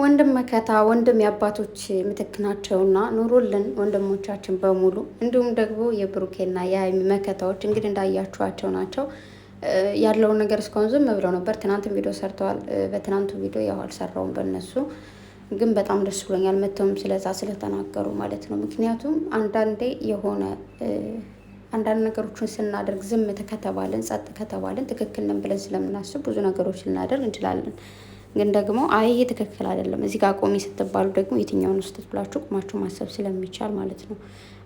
ወንድም መከታ ወንድም የአባቶች ምትክ ናቸውና ኑሩልን ወንድሞቻችን በሙሉ። እንዲሁም ደግሞ የብሩኬና የሀይሚ መከታዎች እንግዲህ እንዳያችኋቸው ናቸው። ያለውን ነገር እስካሁን ዝም ብለው ነበር። ትናንት ቪዲዮ ሰርተዋል። በትናንቱ ቪዲዮ ያው አልሰራውም በእነሱ ግን በጣም ደስ ብሎኛል። መተውም ስለዛ ስለተናገሩ ማለት ነው። ምክንያቱም አንዳንዴ የሆነ አንዳንድ ነገሮችን ስናደርግ ዝም ከተባልን ጸጥ ከተባልን ትክክል ነን ብለን ስለምናስብ ብዙ ነገሮች ልናደርግ እንችላለን። ግን ደግሞ አይ ይሄ ትክክል አይደለም፣ እዚህ ጋር ቆሚ ስትባሉ ደግሞ የትኛውን ውስጥ ብላችሁ ቁማችሁ ማሰብ ስለሚቻል ማለት ነው።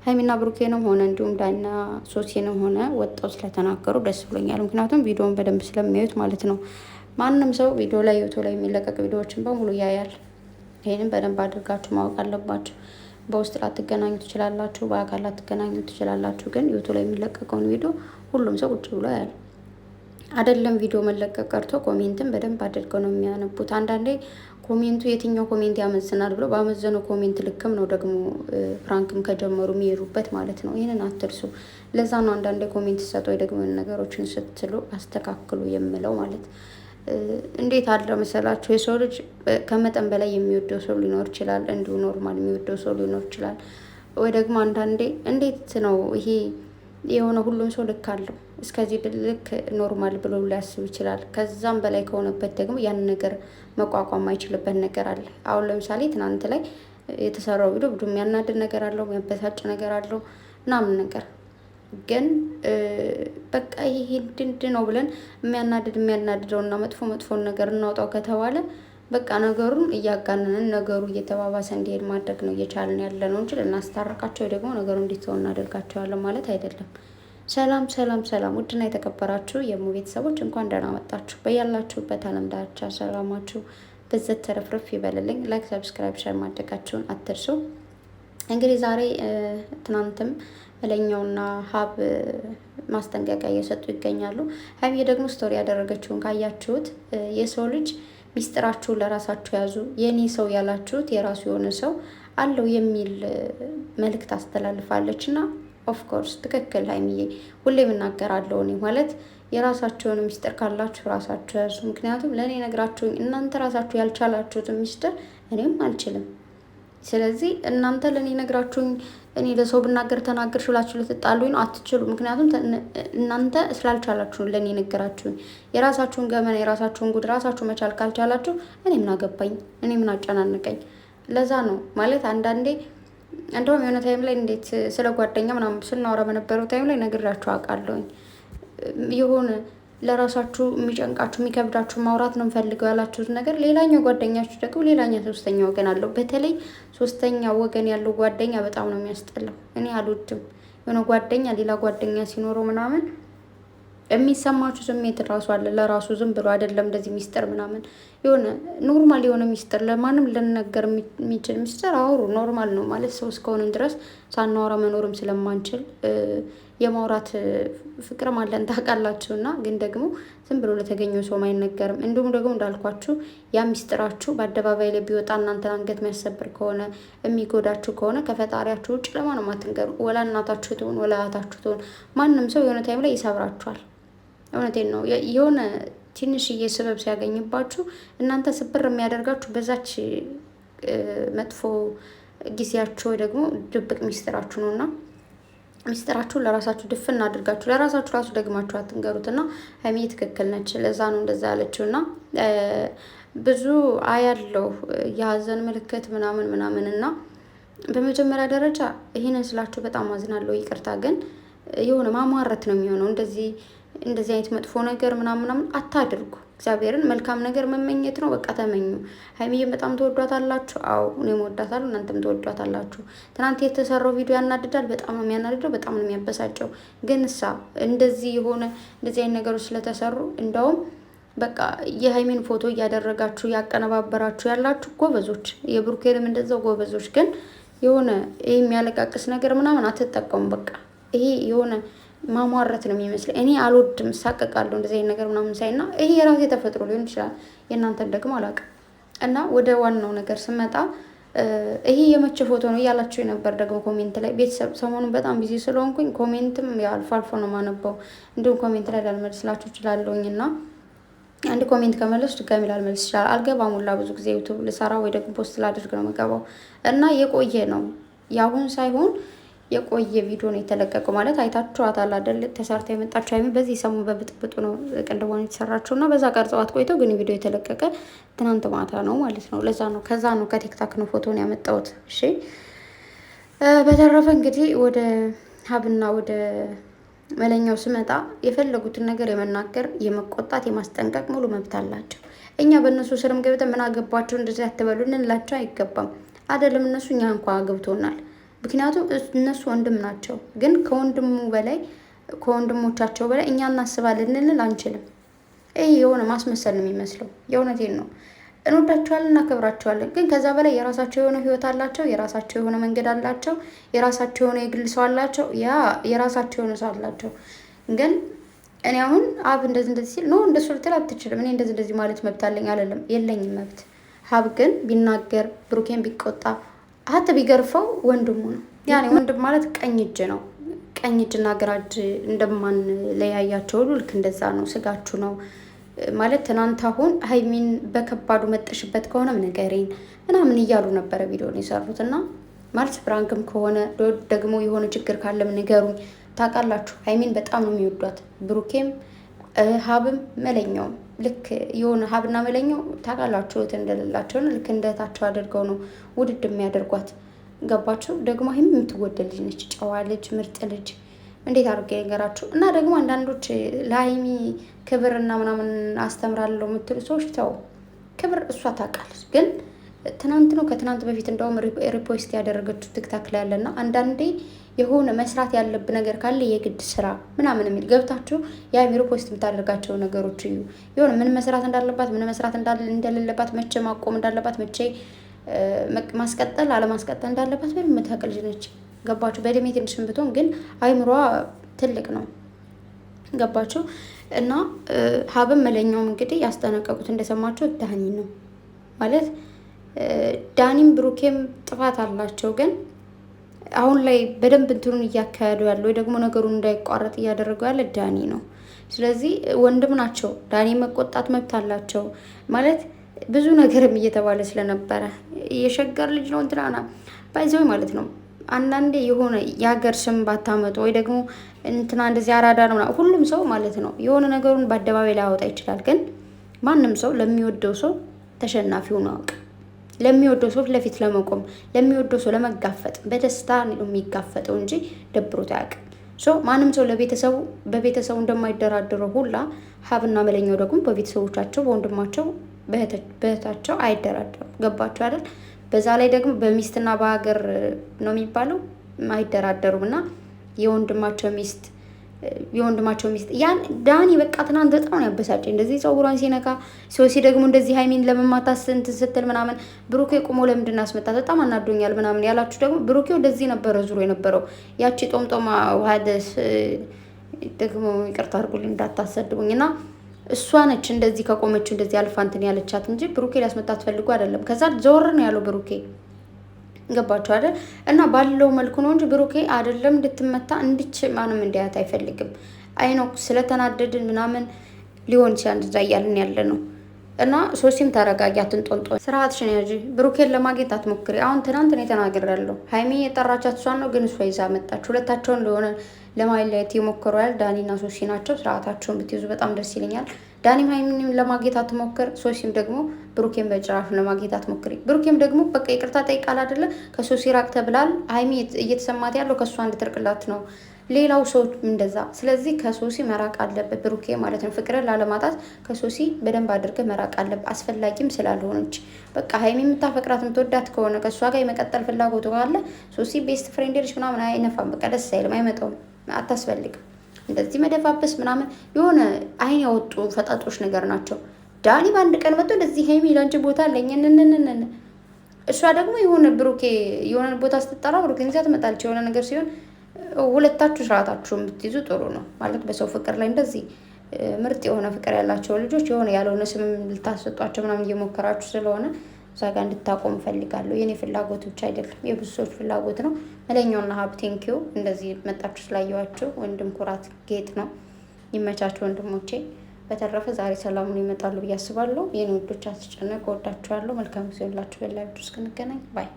ሀይሚና ብሩኬንም ሆነ እንዲሁም ዳና ሶሴንም ሆነ ወጣው ስለተናገሩ ደስ ብሎኛል። ምክንያቱም ቪዲዮን በደንብ ስለሚያዩት ማለት ነው። ማንም ሰው ቪዲዮ ላይ ዩቱብ ላይ የሚለቀቅ ቪዲዮዎችን በሙሉ ያያል። ይህንም በደንብ አድርጋችሁ ማወቅ አለባችሁ። በውስጥ ላትገናኙ ትችላላችሁ፣ በአካል ላትገናኙ ትችላላችሁ። ግን ዩቱብ ላይ የሚለቀቀውን ቪዲዮ ሁሉም ሰው ቁጭ ብሎ ያያል። አይደለም ቪዲዮ መለቀቅ ቀርቶ ኮሜንትን በደንብ አድርገው ነው የሚያነቡት። አንዳንዴ ኮሜንቱ የትኛው ኮሜንት ያመዝናል ብሎ ባመዘነው ኮሜንት ልክም ነው ደግሞ ፍራንክም ከጀመሩ የሚሄዱበት ማለት ነው። ይህንን አትርሱ። ለዛ ነው አንዳንዴ ኮሜንት ሰጠ ወይ ደግሞ ነገሮችን ስትሉ አስተካክሉ የምለው ማለት እንዴት አለ መሰላችሁ? የሰው ልጅ ከመጠን በላይ የሚወደው ሰው ሊኖር ይችላል። እንዲሁ ኖርማል የሚወደው ሰው ሊኖር ይችላል። ወይ ደግሞ አንዳንዴ እንዴት ነው ይሄ የሆነ ሁሉም ሰው ልክ አለው እስከዚህ ልክ ኖርማል ብሎ ሊያስብ ይችላል። ከዛም በላይ ከሆነበት ደግሞ ያን ነገር መቋቋም አይችልበት ነገር አለ። አሁን ለምሳሌ ትናንት ላይ የተሰራው ቪዲዮ ብዙ የሚያናድድ ነገር አለው፣ የሚያበሳጭ ነገር አለው ምናምን ነገር ግን በቃ ይሄ ድንድ ነው ብለን የሚያናድድ የሚያናድደው እና መጥፎ መጥፎን ነገር እናውጣው ከተባለ በቃ ነገሩን እያጋነንን ነገሩ እየተባባሰ እንዲሄድ ማድረግ ነው እየቻልን ያለ ነው እንጂ ልናስታርቃቸው ደግሞ ነገሩ እንዲተው እናደርጋቸዋለን ማለት አይደለም። ሰላም ሰላም ሰላም! ውድና የተከበራችሁ የሙ ቤተሰቦች እንኳን ደህና መጣችሁ። በያላችሁበት አለም ዳርቻ ሰላማችሁ ብዘት ተረፍርፍ ይበልልኝ። ላይክ፣ ሰብስክራይብ፣ ሸር ማድረጋችሁን አትርሱ። እንግዲህ ዛሬ ትናንትም እለኛውና ሀብ ማስጠንቀቂያ እየሰጡ ይገኛሉ። ሀብዬ ደግሞ ስቶሪ ያደረገችውን ካያችሁት የሰው ልጅ ሚስጥራችሁ ለራሳችሁ ያዙ፣ የኔ ሰው ያላችሁት የራሱ የሆነ ሰው አለው የሚል መልእክት አስተላልፋለች እና ኦፍኮርስ ትክክል ሀይሚዬ፣ ሁሌም እናገራለሁ እኔ ማለት የራሳቸውን ሚስጥር ካላችሁ ራሳችሁ ያዙ። ምክንያቱም ለእኔ ነግራችሁኝ እናንተ ራሳችሁ ያልቻላችሁትን ሚስጥር እኔም አልችልም። ስለዚህ እናንተ ለእኔ ነግራችሁኝ እኔ ለሰው ብናገር ተናገር ሽላችሁ ልትጣሉኝ ነው። አትችሉ። ምክንያቱም እናንተ ስላልቻላችሁ ለእኔ ነገራችሁኝ። የራሳችሁን ገመና የራሳችሁን ጉድ ራሳችሁ መቻል ካልቻላችሁ እኔ ምን አገባኝ? እኔ ምን አጨናነቀኝ? ለዛ ነው ማለት አንዳንዴ እንደውም የሆነ ታይም ላይ እንዴት ስለ ጓደኛ ምናምን ስናወራ በነበረው ታይም ላይ ነግራችሁ አውቃለሁኝ። የሆነ ለራሳችሁ የሚጨንቃችሁ የሚከብዳችሁ ማውራት ነው የምፈልገው ያላችሁት ነገር ሌላኛው ጓደኛችሁ ደግሞ ሌላኛ ሶስተኛ ወገን አለው። በተለይ ሶስተኛ ወገን ያለው ጓደኛ በጣም ነው የሚያስጠላው። እኔ አልወድም። የሆነ ጓደኛ ሌላ ጓደኛ ሲኖረው ምናምን የሚሰማችሁ ስሜት ራሱ አለ። ለራሱ ዝም ብሎ አይደለም እንደዚህ ሚስጥር ምናምን የሆነ ኖርማል የሆነ ሚስጥር ለማንም ልንነገር የሚችል ሚስጥር አውሩ። ኖርማል ነው ማለት ሰው እስከሆንም ድረስ ሳናወራ መኖርም ስለማንችል የማውራት ፍቅርም አለን ታውቃላችሁ። እና ግን ደግሞ ዝም ብሎ ለተገኘው ሰውም አይነገርም። እንዲሁም ደግሞ እንዳልኳችሁ ያ ሚስጥራችሁ በአደባባይ ላይ ቢወጣ እናንተን አንገት የሚያሰብር ከሆነ የሚጎዳችሁ ከሆነ ከፈጣሪያችሁ ውጭ ለማንም አትንገሩ። ወላ እናታችሁ ትሆን ወላ እህታችሁ ትሆን ማንም ሰው የሆነ ታይም ላይ ይሰብራችኋል። እውነቴን ነው። የሆነ ትንሽዬ ስበብ ሲያገኝባችሁ እናንተ ስብር የሚያደርጋችሁ በዛች መጥፎ ጊዜያችሁ ወይ ደግሞ ድብቅ ሚስጥራችሁ ነው እና ሚስጥራችሁን ለራሳችሁ ድፍን አድርጋችሁ ለራሳችሁ ራሱ ደግማችሁ አትንገሩት። እና ሀይሚ ትክክል ነች። ለዛ ነው እንደዛ ያለችው። እና ብዙ አያለው የሀዘን ምልክት ምናምን ምናምን እና በመጀመሪያ ደረጃ ይህንን ስላችሁ በጣም አዝናለሁ። ይቅርታ ግን የሆነ ማሟረት ነው የሚሆነው እንደዚህ እንደዚህ አይነት መጥፎ ነገር ምናምናምን አታድርጉ። እግዚአብሔርን መልካም ነገር መመኘት ነው። በቃ ተመኙ። ሀይሚዬን በጣም ትወዷታላችሁ። አዎ እኔም እወዳታለሁ፣ እናንተም ትወዷታላችሁ። ትናንት የተሰራው ቪዲዮ ያናድዳል። በጣም ነው የሚያናድደው፣ በጣም ነው የሚያበሳጨው። ግን እሳ እንደዚህ የሆነ እንደዚህ አይነት ነገሮች ስለተሰሩ እንደውም በቃ የሀይሚን ፎቶ እያደረጋችሁ እያቀነባበራችሁ ያላችሁ ጎበዞች፣ የብሩኬንም እንደዛው ጎበዞች። ግን የሆነ ይህ የሚያለቃቅስ ነገር ምናምን አትጠቀሙ። በቃ ይሄ የሆነ ማሟረት ነው የሚመስለኝ። እኔ አልወድም፣ እሳቀቃለሁ እንደዚህ አይነት ነገር ምናምን ሳይና ይሄ የራሴ ተፈጥሮ ሊሆን ይችላል። የእናንተን ደግሞ አላውቅም። እና ወደ ዋናው ነገር ስመጣ ይሄ የመቼ ፎቶ ነው እያላችሁ የነበር ደግሞ ኮሜንት ላይ ቤተሰብ፣ ሰሞኑን በጣም ቢዚ ስለሆንኩኝ ኮሜንትም አልፎ አልፎ ነው ማነበው፣ እንዲሁም ኮሜንት ላይ ላልመልስላችሁ እችላለሁኝ እና አንድ ኮሜንት ከመለስ ድጋሚ ላልመልስ ይችላል። አልገባም ሁላ ብዙ ጊዜ ዩቱብ ልሰራ ወይ ደግሞ ፖስት ላድርግ ነው የምገባው እና የቆየ ነው የአሁን ሳይሆን የቆየ ቪዲዮ ነው የተለቀቀው። ማለት አይታችኋታል አይደል? ተሰርታ የመጣችው ሀይሚ በዚህ ሰሞን በብጥብጡ ነው ቅንድቧን የተሰራችው እና በዛ ቀርጸዋት ቆይተው ግን ቪዲዮ የተለቀቀ ትናንት ማታ ነው ማለት ነው። ለዛ ነው ከዛ ነው ከቲክታክ ነው ፎቶን ያመጣሁት። እሺ በተረፈ እንግዲህ ወደ ሀብና ወደ መለኛው ስመጣ የፈለጉትን ነገር የመናገር የመቆጣት፣ የማስጠንቀቅ ሙሉ መብት አላቸው። እኛ በእነሱ ስርም ገብተን ምን አገባቸው እንደዚህ አትበሉ እንላቸው አይገባም። አይደለም እነሱ እኛ እንኳ ገብቶናል ምክንያቱም እነሱ ወንድም ናቸው። ግን ከወንድሙ በላይ ከወንድሞቻቸው በላይ እኛ እናስባለን ልንል አንችልም። ይህ የሆነ ማስመሰል ነው የሚመስለው። የእውነቴን ነው። እንወዳቸዋለን፣ እናከብራቸዋለን። ግን ከዛ በላይ የራሳቸው የሆነ ህይወት አላቸው፣ የራሳቸው የሆነ መንገድ አላቸው፣ የራሳቸው የሆነ የግል ሰው አላቸው፣ ያ የራሳቸው የሆነ ሰው አላቸው። ግን እኔ አሁን አብ እንደዚህ እንደዚህ ሲል ኖ እንደሱ ልትል አትችልም። እኔ እንደዚህ እንደዚህ ማለት መብት አለኝ አለለም የለኝም መብት ሀብ ግን ቢናገር ብሩኬን ቢቆጣ ሀተ ቢገርፈው ወንድሙ ነው። ያኔ ወንድም ማለት ቀኝ እጅ ነው። ቀኝ እጅና ግራ እጅ ለያያቸው ሁሉ ልክ እንደዛ ነው። ስጋችሁ ነው ማለት ትናንት አሁን ሀይሚን በከባዱ መጠሽበት ከሆነም ነገሬን ምናምን እያሉ ነበረ ቪዲዮን የሰሩት እና ማለት ፍራንክም ከሆነ ደግሞ የሆነ ችግር ካለም ንገሩኝ። ታውቃላችሁ ሀይሚን በጣም ነው የሚወዷት ብሩኬም ሀብም መለኛውም ልክ የሆነ ሀብና መለኛው ታውቃላችሁ እንደሌላቸው እንደሌላቸውን ልክ እንደታቸው አድርገው ነው ውድድ የሚያደርጓት። ገባችሁ? ደግሞ ይህም የምትወደድ ልጅ ነች። ጨዋ ልጅ፣ ምርጥ ልጅ እንዴት አድርጌ ነገራችሁ። እና ደግሞ አንዳንዶች ለሀይሚ ክብርና ምናምን አስተምራለሁ የምትሉ ሰዎች ተው፣ ክብር እሷ ታውቃለች ግን ትናንት ነው ከትናንት በፊት እንደውም ሪፖስት ያደረገችው ትክታክ ላይ ያለና አንዳንዴ የሆነ መስራት ያለብ ነገር ካለ የግድ ስራ ምናምን የሚል ገብታችሁ ያም ሪፖስት የምታደርጋቸው ነገሮች እዩ። የሆነ ምን መስራት እንዳለባት ምን መስራት እንደሌለባት፣ መቼ ማቆም እንዳለባት፣ መቼ ማስቀጠል አለማስቀጠል እንዳለባት በደንብ የምታውቅ ልጅ ነች። ገባችሁ? በእድሜ ትንሽም ብትሆን ግን አይምሯ ትልቅ ነው። ገባችሁ? እና ሀብም መለኛውም እንግዲህ ያስጠነቀቁት እንደሰማችሁ ዳኒ ነው ማለት ዳኒም ብሩኬም ጥፋት አላቸው። ግን አሁን ላይ በደንብ እንትኑን እያካሄዱ ያለ ወይ ደግሞ ነገሩን እንዳይቋረጥ እያደረገው ያለ ዳኒ ነው። ስለዚህ ወንድም ናቸው። ዳኒ መቆጣት መብት አላቸው ማለት ብዙ ነገርም እየተባለ ስለነበረ የሸገር ልጅ ነው እንትናና ባይዘው ማለት ነው። አንዳንዴ የሆነ የሀገር ስም ባታመጡ ወይ ደግሞ እንትና እንደዚህ አራዳ ነው ሁሉም ሰው ማለት ነው የሆነ ነገሩን በአደባባይ ያወጣ ይችላል። ግን ማንም ሰው ለሚወደው ሰው ተሸናፊውን አውቅ ለሚወደው ሰው ለፊት ለመቆም ለሚወደው ሰው ለመጋፈጥ በደስታ ነው የሚጋፈጠው እንጂ ደብሮት አያውቅም። ማንም ሰው ለቤተሰቡ በቤተሰቡ እንደማይደራደረው ሁላ ሀብና መለኛው ደግሞ በቤተሰቦቻቸው በወንድማቸው በእህታቸው አይደራደሩም። ገባቸው አይደል? በዛ ላይ ደግሞ በሚስትና በሀገር ነው የሚባለው አይደራደሩም እና የወንድማቸው ሚስት የወንድማቸው ሚስት ያን ዳኒ በቃ ትናንት በጣም ነው እንደዚህ ፀጉሯን ሲነካ ሶሲ ደግሞ እንደዚህ ሀይሚን ለመማታት እንትን ስትል ምናምን ብሩኬ ቁሞ ለምንድን አስመጣት በጣም አናዶኛል ምናምን ያላችሁ ደግሞ ብሩኬ ወደዚህ ነበረ ዙሮ የነበረው ያቺ ጦምጦማ ውሃደስ ደግሞ ይቅርታ አድርጉልኝ እንዳታሰድቡኝ እና እሷ ነች እንደዚህ ከቆመችው እንደዚህ አልፋ እንትን ያለቻት እንጂ ብሩኬ ሊያስመጣት ፈልጎ አይደለም። ከዛ ዘወር ነው ያለው ብሩኬ ገባችሁ አይደል? እና ባለው መልኩ ነው እንጂ ብሩኬ አይደለም እንድትመታ እንድች ማንም እንዲያት አይፈልግም። አይ ስለተናደድን ምናምን ሊሆን ሲያ እንደዛ እያልን ያለ ነው። እና ሶሲም ተረጋጊ፣ አትንጦንጦን፣ ስርዓትሽን ያዥ። ብሩኬን ለማግኘት አትሞክሪ። አሁን ትናንት ነው የተናገራለሁ። ሀይሚ የጠራቻት እሷን ነው፣ ግን እሷ ይዛ መጣች። ሁለታቸውን ለሆነ ለማየት የሞከሩ ያህል ዳኒና ሶሲ ናቸው። ስርዓታቸውን ብትይዙ በጣም ደስ ይለኛል። ዳኒም ሀይሚንም ለማግኘት አትሞክር። ሶሲም ደግሞ ብሩኬን በጭራሹ ለማግኘት አትሞክሪ። ብሩኬም ደግሞ በቃ ይቅርታ ጠይቃል አደለ? ከሶሲ ራቅ ተብላል። ሀይሚ እየተሰማት ያለው ከእሷ እንድትርቅላት ነው። ሌላው ሰው እንደዛ። ስለዚህ ከሶሲ መራቅ አለበት ብሩኬ ማለት ነው። ፍቅርን ላለማጣት ከሶሲ በደንብ አድርገ መራቅ አለበት። አስፈላጊም ስላልሆነች በቃ ሀይሚ የምታፈቅራት የምትወዳት ከሆነ ከእሷ ጋር የመቀጠል ፍላጎቱ ካለ ሶሲ ቤስት ፍሬንድ ልጅ ምናምን አይነፋም። በቃ ደስ አይልም፣ አይመጣውም። አታስፈልግም። እንደዚህ መደፋበስ ምናምን የሆነ አይን ያወጡ ፈጣጦች ነገር ናቸው። ዳኒ በአንድ ቀን መጥቶ እንደዚህ ሄሚ ላንቺ ቦታ አለኝ እንንንንን እሷ ደግሞ የሆነ ብሩኬ የሆነ ቦታ ስትጠራ ብሩኬ ይዛ ትመጣለች። የሆነ ነገር ሲሆን ሁለታችሁ ስርዓታችሁ ብትይዙ ጥሩ ነው ማለት በሰው ፍቅር ላይ እንደዚህ ምርጥ የሆነ ፍቅር ያላቸው ልጆች የሆነ ያልሆነ ስም ልታሰጧቸው ምናምን እየሞከራችሁ ስለሆነ እዛ ጋር እንድታቆም እፈልጋለሁ። የኔ ፍላጎት ብቻ አይደለም፣ የብዙ ሰዎች ፍላጎት ነው። መለኛውና ሀብ ቴንኪዩ እንደዚህ መጣችሁ ስላየኋችሁ፣ ወንድም ኩራት ጌጥ ነው። ይመቻቸው ወንድሞቼ። በተረፈ ዛሬ ሰላሙን ይመጣሉ ብዬ አስባለሁ። የኔ ውዶች አትጨነቁ። ወዳችኋለሁ። መልካም ጊዜ ሁላችሁ። በላይ ብዱ እስክንገናኝ ባይ